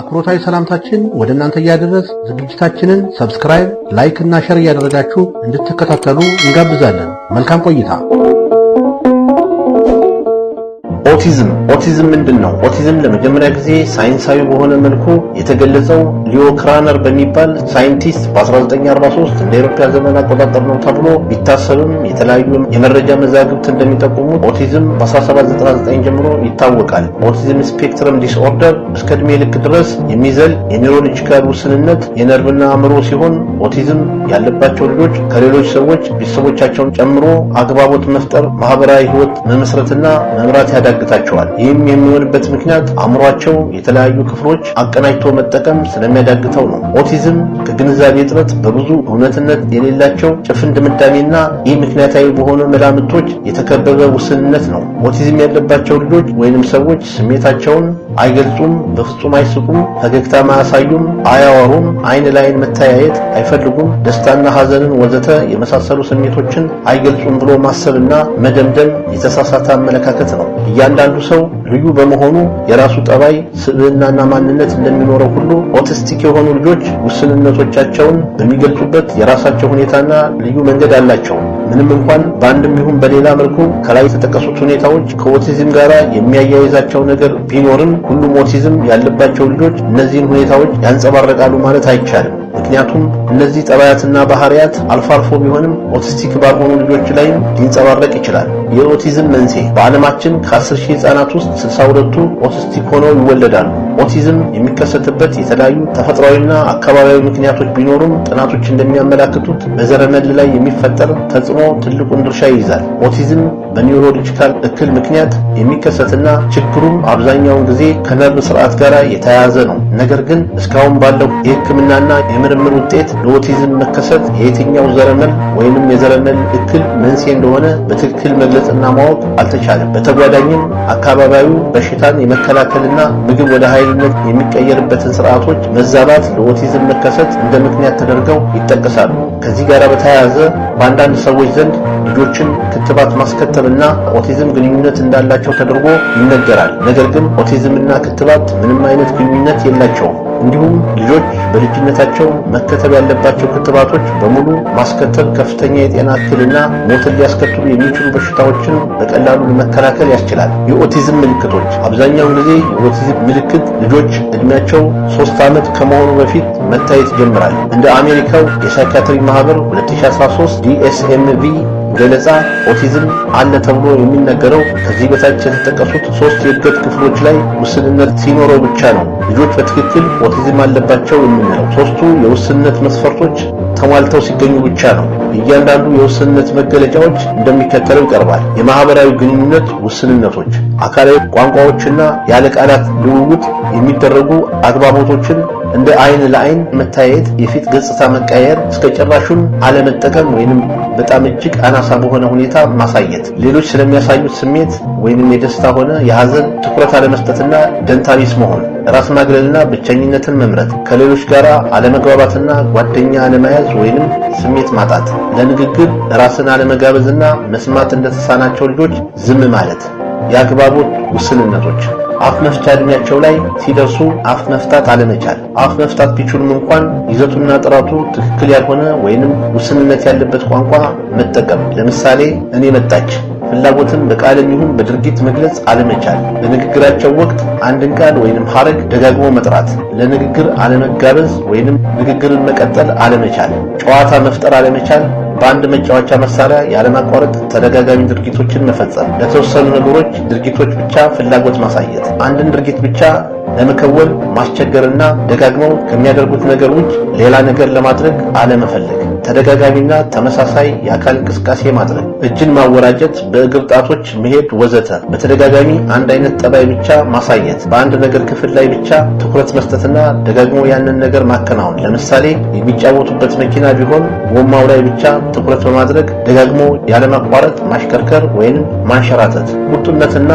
አክብሮታዊ ሰላምታችን ወደ እናንተ እያደረስ ዝግጅታችንን ሰብስክራይብ፣ ላይክ እና ሸር እያደረጋችሁ እንድትከታተሉ እንጋብዛለን። መልካም ቆይታ ኦቲዝም ኦቲዝም ምንድን ነው? ኦቲዝም ለመጀመሪያ ጊዜ ሳይንሳዊ በሆነ መልኩ የተገለጸው ሊዮ ክራነር በሚባል ሳይንቲስት በ1943 እንደ አውሮፓውያን ዘመን አቆጣጠር ነው ተብሎ ቢታሰብም የተለያዩ የመረጃ መዛግብት እንደሚጠቁሙት ኦቲዝም በ1799 ጀምሮ ይታወቃል። ኦቲዝም ስፔክትረም ዲስኦርደር እስከ ዕድሜ ልክ ድረስ የሚዘል የኒውሮሎጂካል ውስንነት የነርቭና አእምሮ ሲሆን ኦቲዝም ያለባቸው ልጆች ከሌሎች ሰዎች ቤተሰቦቻቸውን ጨምሮ አግባቦት መፍጠር፣ ማህበራዊ ህይወት መመስረትና መምራት ያዳግ ያዳግታቸዋል። ይህም የሚሆንበት ምክንያት አእምሯቸው የተለያዩ ክፍሎች አቀናጅቶ መጠቀም ስለሚያዳግተው ነው። ኦቲዝም ከግንዛቤ እጥረት በብዙ እውነትነት የሌላቸው ጭፍን ድምዳሜና ይህ ምክንያታዊ በሆኑ መላምቶች የተከበበ ውስንነት ነው። ኦቲዝም ያለባቸው ልጆች ወይንም ሰዎች ስሜታቸውን አይገልጹም፣ በፍጹም አይስቁም፣ ፈገግታ አያሳዩም፣ አያወሩም፣ አይን ለአይን መተያየት አይፈልጉም፣ ደስታና ሐዘንን ወዘተ የመሳሰሉ ስሜቶችን አይገልጹም ብሎ ማሰብና መደምደም የተሳሳተ አመለካከት ነው። እያንዳንዱ ሰው ልዩ በመሆኑ የራሱ ጠባይ፣ ስብዕናና ማንነት እንደሚኖረው ሁሉ ኦቲስቲክ የሆኑ ልጆች ውስንነቶቻቸውን በሚገልጹበት የራሳቸው ሁኔታና ልዩ መንገድ አላቸው። ምንም እንኳን በአንድም ይሁን በሌላ መልኩ ከላይ የተጠቀሱት ሁኔታዎች ከኦቲዝም ጋር የሚያያይዛቸው ነገር ቢኖርም ሁሉም ኦቲዝም ያለባቸው ልጆች እነዚህን ሁኔታዎች ያንጸባርቃሉ ማለት አይቻልም። ምክንያቱም እነዚህ ጠባያትና ባህሪያት አልፎ አልፎ ቢሆንም ኦቲስቲክ ባልሆኑ ልጆች ላይም ሊንጸባረቅ ይችላል። የኦቲዝም መንስኤ በዓለማችን ከ10 ሺህ ህጻናት ውስጥ 62ቱ ኦቲስቲክ ሆነው ይወለዳሉ። ኦቲዝም የሚከሰትበት የተለያዩ ተፈጥሯዊና አካባቢያዊ ምክንያቶች ቢኖሩም ጥናቶች እንደሚያመላክቱት በዘረመል ላይ የሚፈጠር ተጽዕኖ ትልቁን ድርሻ ይይዛል። ኦቲዝም በኒውሮሎጂካል እክል ምክንያት የሚከሰትና ችግሩም አብዛኛውን ጊዜ ከነርቭ ስርዓት ጋር የተያያዘ ነው። ነገር ግን እስካሁን ባለው የሕክምናና የምርምር ውጤት ለኦቲዝም መከሰት የየትኛው ዘረመል ወይንም የዘረመል እክል መንስኤ እንደሆነ በትክክል መግለጽና ማወቅ አልተቻለም። በተጓዳኝም አካባቢው በሽታን የመከላከልና ምግብ ወደ ኃይልነት የሚቀየርበትን ስርዓቶች መዛባት ለኦቲዝም መከሰት እንደ ምክንያት ተደርገው ይጠቀሳሉ። ከዚህ ጋር በተያያዘ በአንዳንድ ሰዎች ዘንድ ልጆችን ክትባት ማስከተል እና ኦቲዝም ግንኙነት እንዳላቸው ተደርጎ ይነገራል። ነገር ግን ኦቲዝምና ክትባት ምንም አይነት ግንኙነት የላቸውም። እንዲሁም ልጆች በልጅነታቸው መከተብ ያለባቸው ክትባቶች በሙሉ ማስከተብ ከፍተኛ የጤና እክልና ሞትን ሊያስከትሉ የሚችሉ በሽታዎችን በቀላሉ ለመከላከል ያስችላል። የኦቲዝም ምልክቶች አብዛኛውን ጊዜ የኦቲዝም ምልክት ልጆች እድሜያቸው ሶስት ዓመት ከመሆኑ በፊት መታየት ይጀምራል። እንደ አሜሪካው የሳይካትሪ ማህበር 2013 ዲኤስኤምቪ ገለጻ ኦቲዝም አለ ተብሎ የሚነገረው ከዚህ በታች የተጠቀሱት ሶስት የእድገት ክፍሎች ላይ ውስንነት ሲኖረው ብቻ ነው ልጆች በትክክል ኦቲዝም አለባቸው የምንለው። ሶስቱ የውስንነት መስፈርቶች ተሟልተው ሲገኙ ብቻ ነው። እያንዳንዱ የውስንነት መገለጫዎች እንደሚከተለው ይቀርባል። የማህበራዊ ግንኙነት ውስንነቶች፣ አካላዊ ቋንቋዎችና ያለ ቃላት ልውውጥ የሚደረጉ አግባቦቶችን እንደ አይን ለአይን መታየት፣ የፊት ገጽታ መቃየር፣ እስከ ጭራሹን አለመጠቀም ወይንም በጣም እጅግ አናሳ በሆነ ሁኔታ ማሳየት፣ ሌሎች ስለሚያሳዩት ስሜት ወይንም የደስታ ሆነ የሐዘን ትኩረት አለመስጠትና ደንታቢስ መሆን፣ ራስ ማግለልና ብቸኝነትን መምረጥ፣ ከሌሎች ጋር አለመግባባትና ጓደኛ አለመያዝ ወይንም ስሜት ማጣት፣ ለንግግር ራስን አለመጋበዝና መስማት እንደተሳናቸው ልጆች ዝም ማለት፣ የአግባቦት ውስንነቶች አፍ መፍቻ እድሜያቸው ላይ ሲደርሱ አፍ መፍታት አለመቻል። አፍ መፍታት ቢችሉም እንኳን ይዘቱና ጥራቱ ትክክል ያልሆነ ወይንም ውስንነት ያለበት ቋንቋ መጠቀም። ለምሳሌ እኔ መጣች ፍላጎትን በቃልም ይሁን በድርጊት መግለጽ አለመቻል። በንግግራቸው ወቅት አንድን ቃል ወይንም ሐረግ ደጋግሞ መጥራት፣ ለንግግር አለመጋበዝ ወይንም ንግግርን መቀጠል አለመቻል፣ ጨዋታ መፍጠር አለመቻል በአንድ መጫወቻ መሳሪያ ያለማቋረጥ ተደጋጋሚ ድርጊቶችን መፈጸም፣ ለተወሰኑ ነገሮች ድርጊቶች ብቻ ፍላጎት ማሳየት፣ አንድን ድርጊት ብቻ ለመከወን ማስቸገርና ደጋግመው ከሚያደርጉት ነገር ውጭ ሌላ ነገር ለማድረግ አለመፈለግ ተደጋጋሚና ተመሳሳይ የአካል እንቅስቃሴ ማድረግ፣ እጅን ማወራጨት፣ በእግር ጣቶች መሄድ ወዘተ። በተደጋጋሚ አንድ አይነት ጠባይ ብቻ ማሳየት፣ በአንድ ነገር ክፍል ላይ ብቻ ትኩረት መስጠትና ደጋግሞ ያንን ነገር ማከናወን። ለምሳሌ የሚጫወቱበት መኪና ቢሆን ጎማው ላይ ብቻ ትኩረት በማድረግ ደጋግሞ ያለማቋረጥ ማሽከርከር ወይም ማንሸራተት። ቁጡነትና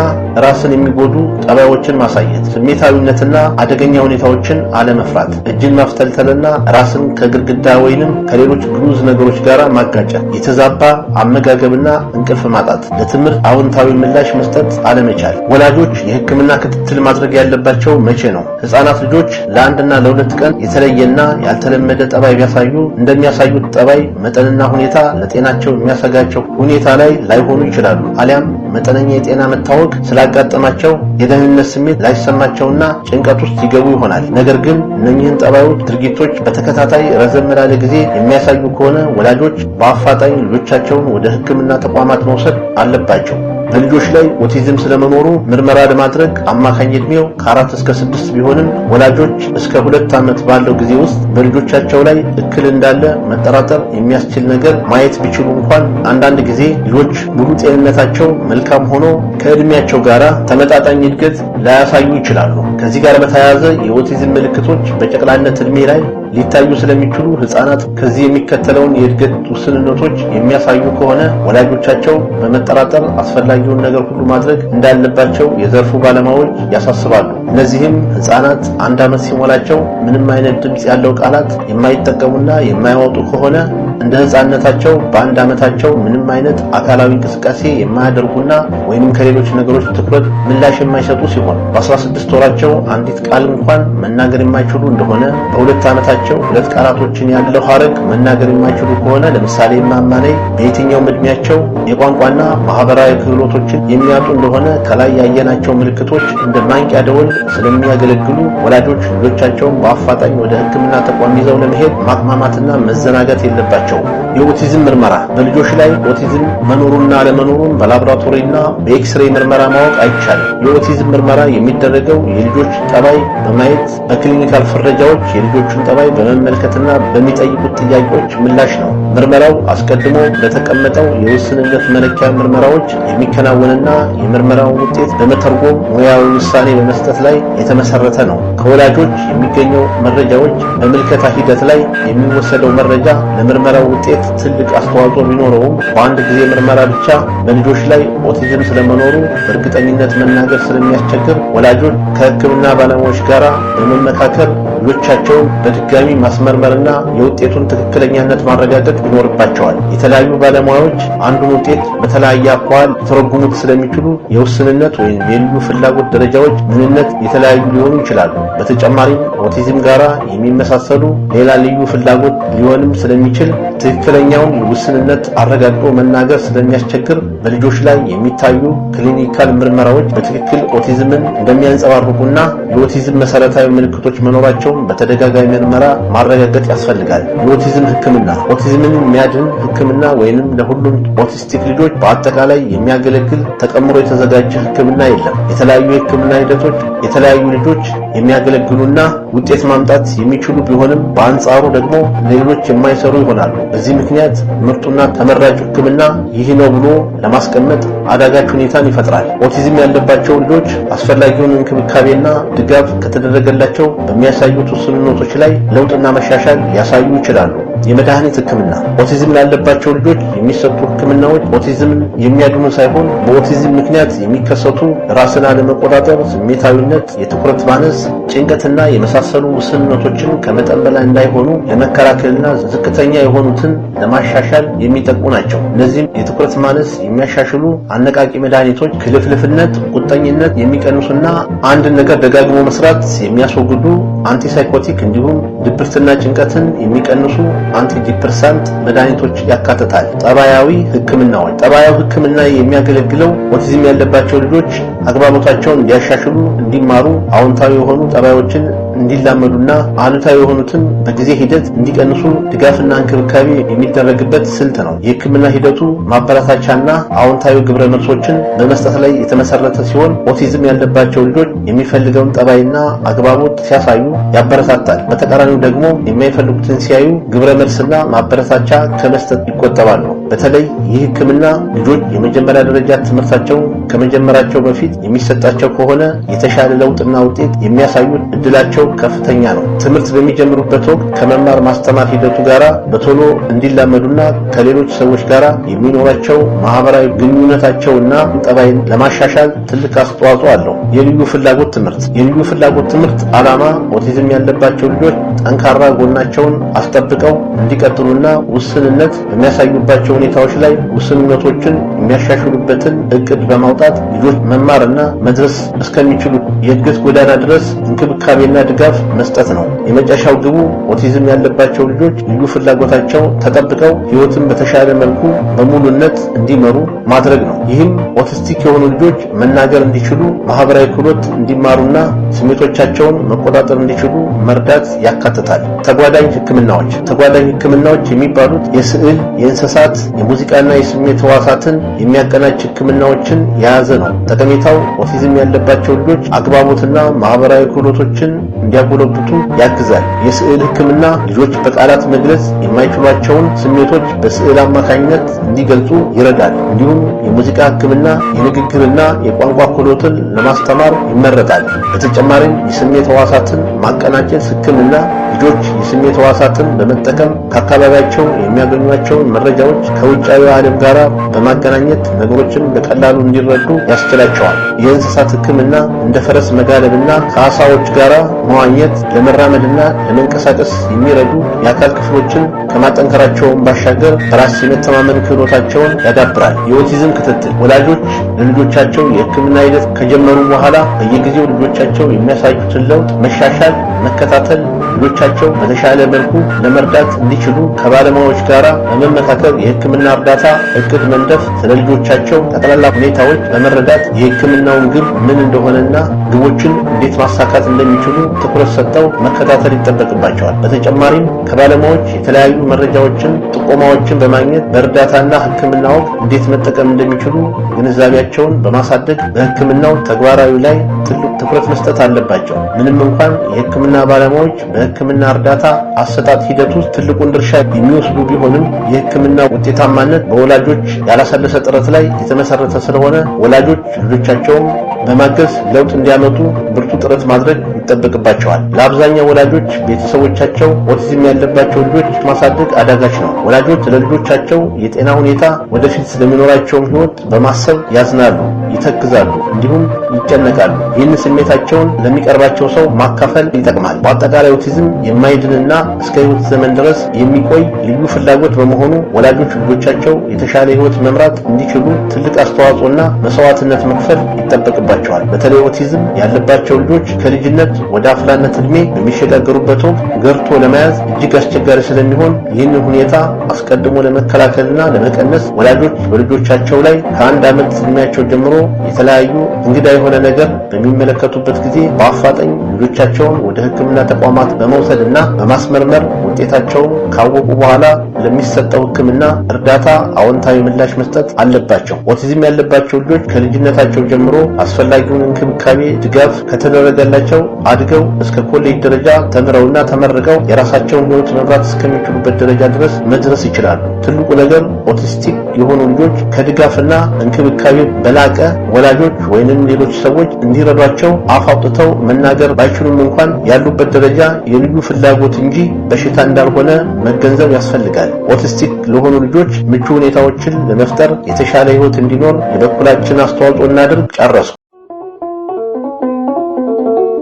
ራስን የሚጎዱ ጠባዮችን ማሳየት፣ ስሜታዊነትና አደገኛ ሁኔታዎችን አለመፍራት፣ እጅን ማፍተልተልና ራስን ከግድግዳ ወይንም ከሌሎች ከሉዝ ነገሮች ጋር ማጋጫ የተዛባ አመጋገብና እንቅልፍ ማጣት፣ ለትምህርት አዎንታዊ ምላሽ መስጠት አለመቻል። ወላጆች የሕክምና ክትትል ማድረግ ያለባቸው መቼ ነው? ህጻናት ልጆች ለአንድና ለሁለት ቀን የተለየና ያልተለመደ ጠባይ ቢያሳዩ እንደሚያሳዩት ጠባይ መጠንና ሁኔታ ለጤናቸው የሚያሰጋቸው ሁኔታ ላይ ላይሆኑ ይችላሉ። አሊያም መጠነኛ የጤና መታወቅ ስላጋጠማቸው የደህንነት ስሜት ላይሰማቸውና ጭንቀት ውስጥ ይገቡ ይሆናል። ነገር ግን እነኚህን ጠባዮች ድርጊቶች በተከታታይ ረዘም ላለ ጊዜ የሚያሳዩ ከሆነ ወላጆች በአፋጣኝ ልጆቻቸውን ወደ ሕክምና ተቋማት መውሰድ አለባቸው። በልጆች ላይ ኦቲዝም ስለመኖሩ ምርመራ ለማድረግ አማካኝ ዕድሜው ከአራት እስከ ስድስት ቢሆንም ወላጆች እስከ ሁለት ዓመት ባለው ጊዜ ውስጥ በልጆቻቸው ላይ እክል እንዳለ መጠራጠር የሚያስችል ነገር ማየት ቢችሉ እንኳን አንዳንድ ጊዜ ልጆች ሙሉ ጤንነታቸው መልካም ሆኖ ከዕድሜያቸው ጋር ተመጣጣኝ እድገት ላያሳዩ ይችላሉ። ከዚህ ጋር በተያያዘ የኦቲዝም ምልክቶች በጨቅላነት ዕድሜ ላይ ሊታዩ ስለሚችሉ ህጻናት ከዚህ የሚከተለውን የእድገት ውስንነቶች የሚያሳዩ ከሆነ ወላጆቻቸው በመጠራጠር አስፈላጊውን ነገር ሁሉ ማድረግ እንዳለባቸው የዘርፉ ባለሙያዎች ያሳስባሉ። እነዚህም ህጻናት አንድ ዓመት ሲሞላቸው ምንም አይነት ድምፅ ያለው ቃላት የማይጠቀሙና የማያወጡ ከሆነ እንደ ህፃነታቸው በአንድ ዓመታቸው ምንም አይነት አካላዊ እንቅስቃሴ የማያደርጉና ወይም ከሌሎች ነገሮች ትኩረት ምላሽ የማይሰጡ ሲሆን በ16 ወራቸው አንዲት ቃል እንኳን መናገር የማይችሉ እንደሆነ፣ በሁለት ዓመታቸው ሁለት ቃላቶችን ያለው ሐረግ መናገር የማይችሉ ከሆነ ለምሳሌ ማማነይ በየትኛውም ዕድሜያቸው የቋንቋና ማህበራዊ ክህሎቶችን የሚያጡ እንደሆነ ከላይ ያየናቸው ምልክቶች እንደ ማንቂያ ደወል ስለሚያገለግሉ ወላጆች ልጆቻቸውን በአፋጣኝ ወደ ሕክምና ተቋም ይዘው ለመሄድ ማቅማማትና መዘናጋት የለባቸው። ናቸው። የኦቲዝም ምርመራ በልጆች ላይ ኦቲዝም መኖሩና አለመኖሩን በላብራቶሪና በኤክስሬ ምርመራ ማወቅ አይቻልም። የኦቲዝም ምርመራ የሚደረገው የልጆች ጠባይ በማየት በክሊኒካል ፍረጃዎች የልጆቹን ጠባይ በመመልከትና በሚጠይቁት ጥያቄዎች ምላሽ ነው። ምርመራው አስቀድሞ ለተቀመጠው የውስንነት መለኪያ ምርመራዎች የሚከናወንና የምርመራውን ውጤት በመተርጎም ሙያዊ ውሳኔ በመስጠት ላይ የተመሰረተ ነው። ከወላጆች የሚገኘው መረጃዎች በምልከታ ሂደት ላይ የሚወሰደው መረጃ ለምርመራው ውጤት ትልቅ አስተዋጽኦ ቢኖረውም በአንድ ጊዜ ምርመራ ብቻ በልጆች ላይ ኦቲዝም ስለመኖሩ በእርግጠኝነት መናገር ስለሚያስቸግር ወላጆች ከሕክምና ባለሙያዎች ጋር በመመካከል ልጆቻቸው በድጋሚ ማስመርመርና የውጤቱን ትክክለኛነት ማረጋገጥ ይኖርባቸዋል። የተለያዩ ባለሙያዎች አንዱን ውጤት በተለያየ አኳኋን ሊተረጉሙት ስለሚችሉ የውስንነት ወይም የልዩ ፍላጎት ደረጃዎች ምንነት የተለያዩ ሊሆኑ ይችላሉ። በተጨማሪም ኦቲዝም ጋር የሚመሳሰሉ ሌላ ልዩ ፍላጎት ሊሆንም ስለሚችል ትክክለኛውን ውስንነት አረጋግጦ መናገር ስለሚያስቸግር በልጆች ላይ የሚታዩ ክሊኒካል ምርመራዎች በትክክል ኦቲዝምን እንደሚያንጸባርቁና የኦቲዝም መሰረታዊ ምልክቶች መኖራቸው መሆናቸውን በተደጋጋሚ ምርመራ ማረጋገጥ ያስፈልጋል። የኦቲዝም ህክምና ኦቲዝምን የሚያድን ህክምና ወይንም ለሁሉም ኦቲስቲክ ልጆች በአጠቃላይ የሚያገለግል ተቀምሮ የተዘጋጀ ህክምና የለም። የተለያዩ የህክምና ሂደቶች የተለያዩ ልጆች የሚያገለግሉና ውጤት ማምጣት የሚችሉ ቢሆንም በአንጻሩ ደግሞ ሌሎች የማይሰሩ ይሆናሉ። በዚህ ምክንያት ምርጡና ተመራጭ ህክምና ይህ ነው ብሎ ለማስቀመጥ አዳጋች ሁኔታን ይፈጥራል። ኦቲዝም ያለባቸው ልጆች አስፈላጊውን እንክብካቤና ድጋፍ ከተደረገላቸው በሚያሳዩ ባሉት ውስንነቶች ላይ ለውጥና መሻሻል ሊያሳዩ ይችላሉ። የመድኃኒት ህክምና ኦቲዝም ላለባቸው ልጆች የሚሰጡ ህክምናዎች ኦቲዝምን የሚያድኑ ሳይሆን በኦቲዝም ምክንያት የሚከሰቱ ራስን አለመቆጣጠር፣ ስሜታዊነት፣ የትኩረት ማነስ፣ ጭንቀትና የመሳሰሉ ውስንነቶችን ከመጠን በላይ እንዳይሆኑ ለመከላከልና ዝቅተኛ የሆኑትን ለማሻሻል የሚጠቅሙ ናቸው። እነዚህም የትኩረት ማነስ የሚያሻሽሉ አነቃቂ መድኃኒቶች፣ ክልፍልፍነት፣ ቁጠኝነት የሚቀንሱና አንድን ነገር ደጋግሞ መስራት የሚያስወግዱ አንቲሳይኮቲክ እንዲሁም ድብርትና ጭንቀትን የሚቀንሱ አንቲዲፕርሳንት መድኃኒቶች ያካትታል። ጠባያዊ ሕክምናዎች ጠባያዊ ህክምና የሚያገለግለው ኦቲዝም ያለባቸው ልጆች አግባቦታቸውን እንዲያሻሽሉ፣ እንዲማሩ አዎንታዊ የሆኑ ጠባዮችን እንዲላመዱና አሉታዊ የሆኑትን በጊዜ ሂደት እንዲቀንሱ ድጋፍና እንክብካቤ የሚደረግበት ስልት ነው። የህክምና ሂደቱ ማበረታቻና አዎንታዊ ግብረ መልሶችን በመስጠት ላይ የተመሰረተ ሲሆን ኦቲዝም ያለባቸው ልጆች የሚፈልገውን ጠባይና አግባቦት ሲያሳዩ ያበረታታል። በተቃራኒው ደግሞ የማይፈልጉትን ሲያዩ ግብረ መልስና ማበረታቻ ከመስጠት ይቆጠባሉ። በተለይ ይህ ህክምና ልጆች የመጀመሪያ ደረጃ ትምህርታቸው። ከመጀመራቸው በፊት የሚሰጣቸው ከሆነ የተሻለ ለውጥና ውጤት የሚያሳዩት እድላቸው ከፍተኛ ነው። ትምህርት በሚጀምሩበት ወቅት ከመማር ማስተማር ሂደቱ ጋር በቶሎ እንዲላመዱና ከሌሎች ሰዎች ጋር የሚኖራቸው ማህበራዊ ግንኙነታቸውና ጠባይን ለማሻሻል ትልቅ አስተዋጽኦ አለው። የልዩ ፍላጎት ትምህርት የልዩ ፍላጎት ትምህርት ዓላማ ኦቲዝም ያለባቸው ልጆች ጠንካራ ጎናቸውን አስጠብቀው እንዲቀጥሉና ውስንነት በሚያሳዩባቸው ሁኔታዎች ላይ ውስንነቶችን የሚያሻሽሉበትን እቅድ በማውጣት ልጆች መማርና መድረስ እስከሚችሉ የእድገት ጎዳና ድረስ እንክብካቤና ድጋፍ መስጠት ነው። የመጨረሻው ግቡ ኦቲዝም ያለባቸው ልጆች ልዩ ፍላጎታቸው ተጠብቀው ሕይወትን በተሻለ መልኩ በሙሉነት እንዲመሩ ማድረግ ነው። ይህም ኦቲስቲክ የሆኑ ልጆች መናገር እንዲችሉ፣ ማህበራዊ ክህሎት እንዲማሩና ስሜቶቻቸውን መቆጣጠር እንዲችሉ መርዳት ያካል ያካትታል። ተጓዳኝ ህክምናዎች ተጓዳኝ ህክምናዎች የሚባሉት የስዕል፣ የእንስሳት፣ የሙዚቃና የስሜት ህዋሳትን የሚያቀናጅ ህክምናዎችን የያዘ ነው። ጠቀሜታው ኦቲዝም ያለባቸው ልጆች አግባቦትና ማህበራዊ ክህሎቶችን እንዲያጎለብቱ ያግዛል። የስዕል ህክምና ልጆች በቃላት መግለጽ የማይችሏቸውን ስሜቶች በስዕል አማካኝነት እንዲገልጹ ይረዳል። እንዲሁም የሙዚቃ ህክምና የንግግርና የቋንቋ ክህሎትን ለማስተማር ይመረጣል። በተጨማሪም የስሜት ህዋሳትን ማቀናጀት ህክምና ልጆች የስሜት ሕዋሳትን በመጠቀም ከአካባቢያቸው የሚያገኟቸውን መረጃዎች ከውጫዊ ዓለም ጋር በማገናኘት ነገሮችን በቀላሉ እንዲረዱ ያስችላቸዋል። የእንስሳት ሕክምና እንደ ፈረስ መጋለብና ከአሳዎች ጋር መዋኘት ለመራመድና ለመንቀሳቀስ የሚረዱ የአካል ክፍሎችን ከማጠንከራቸውን ባሻገር በራስ የመተማመን ክህሎታቸውን ያዳብራል። የኦቲዝም ክትትል ወላጆች ለልጆቻቸው የሕክምና ሂደት ከጀመሩ በኋላ በየጊዜው ልጆቻቸው የሚያሳዩትን ለውጥ መሻሻል መከታተል ልጆቻቸው በተሻለ መልኩ ለመርዳት እንዲችሉ ከባለሙያዎች ጋር በመመካከል የሕክምና እርዳታ እቅድ መንደፍ፣ ስለ ልጆቻቸው ጠቅላላ ሁኔታዎች በመረዳት የሕክምናውን ግብ ምን እንደሆነና ግቦችን እንዴት ማሳካት እንደሚችሉ ትኩረት ሰጥተው መከታተል ይጠበቅባቸዋል። በተጨማሪም ከባለሙያዎች የተለያዩ መረጃዎችን፣ ጥቆማዎችን በማግኘት በእርዳታና ሕክምና ወቅት እንዴት መጠቀም እንደሚችሉ ግንዛቤያቸውን በማሳደግ በሕክምናው ተግባራዊ ላይ ትልቅ ትኩረት መስጠት አለባቸው። ምንም እንኳን የሕክምና የህክምና ባለሙያዎች በህክምና እርዳታ አሰጣጥ ሂደት ውስጥ ትልቁን ድርሻ የሚወስዱ ቢሆንም የህክምና ውጤታማነት በወላጆች ያላሰለሰ ጥረት ላይ የተመሰረተ ስለሆነ ወላጆች ልጆቻቸውን በማገዝ ለውጥ እንዲያመጡ ብርቱ ጥረት ማድረግ ይጠበቅባቸዋል። ለአብዛኛው ወላጆች ቤተሰቦቻቸው ኦቲዝም ያለባቸው ልጆች ማሳደግ አዳጋች ነው። ወላጆች ለልጆቻቸው የጤና ሁኔታ፣ ወደፊት ስለሚኖራቸውም ሕይወት በማሰብ ያዝናሉ፣ ይተክዛሉ፣ እንዲሁም ይጨነቃሉ። ይህን ስሜታቸውን ለሚቀርባቸው ሰው ማካፈል ይጠቅማል። በአጠቃላይ ኦቲዝም የማይድንና እስከ ህይወት ዘመን ድረስ የሚቆይ ልዩ ፍላጎት በመሆኑ ወላጆች ልጆቻቸው የተሻለ ሕይወት መምራት እንዲችሉ ትልቅ አስተዋጽኦና መስዋዕትነት መክፈል ይጠበቅባቸዋል። በተለይ ኦቲዝም ያለባቸው ልጆች ከልጅነት ወደ አፍላነት እድሜ በሚሸጋገሩበት ወቅት ገርቶ ለመያዝ እጅግ አስቸጋሪ ስለሚሆን ይህንን ሁኔታ አስቀድሞ ለመከላከልና ለመቀነስ ወላጆች በልጆቻቸው ላይ ከአንድ ዓመት እድሜያቸው ጀምሮ የተለያዩ እንግዳ የሆነ ነገር በሚመለከቱበት ጊዜ በአፋጣኝ ልጆቻቸውን ወደ ሕክምና ተቋማት በመውሰድና በማስመርመር ውጤታቸውን ካወቁ በኋላ ለሚሰጠው ሕክምና እርዳታ አዎንታዊ ምላሽ መስጠት አለባቸው። ኦቲዝም ያለባቸው ልጆች ከልጅነታቸው ጀምሮ አስፈላጊውን እንክብካቤ፣ ድጋፍ ከተደረገላቸው አድገው እስከ ኮሌጅ ደረጃ ተምረውና ተመርቀው የራሳቸውን ሕይወት መምራት እስከሚችሉበት ደረጃ ድረስ መድረስ ይችላሉ። ትልቁ ነገር ኦቲስቲክ የሆኑ ልጆች ከድጋፍና እንክብካቤ በላቀ ወላጆች ወይንም ሌሎች ሰዎች እንዲረዷቸው አፍ አውጥተው መናገር ባይችሉም እንኳን ያሉበት ደረጃ የልዩ ፍላጎት እንጂ በሽታ እንዳልሆነ መገንዘብ ያስፈልጋል። ኦቲስቲክ ለሆኑ ልጆች ምቹ ሁኔታዎችን ለመፍጠር የተሻለ ህይወት እንዲኖር የበኩላችን አስተዋጽኦ እናድርግ። ጨረሱ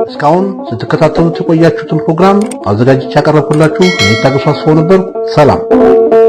እስካሁን ስትከታተሉት የቆያችሁትን ፕሮግራም አዘጋጅቼ ያቀረብኩላችሁ እኔ ታገሱ ነበርኩ ሰላም።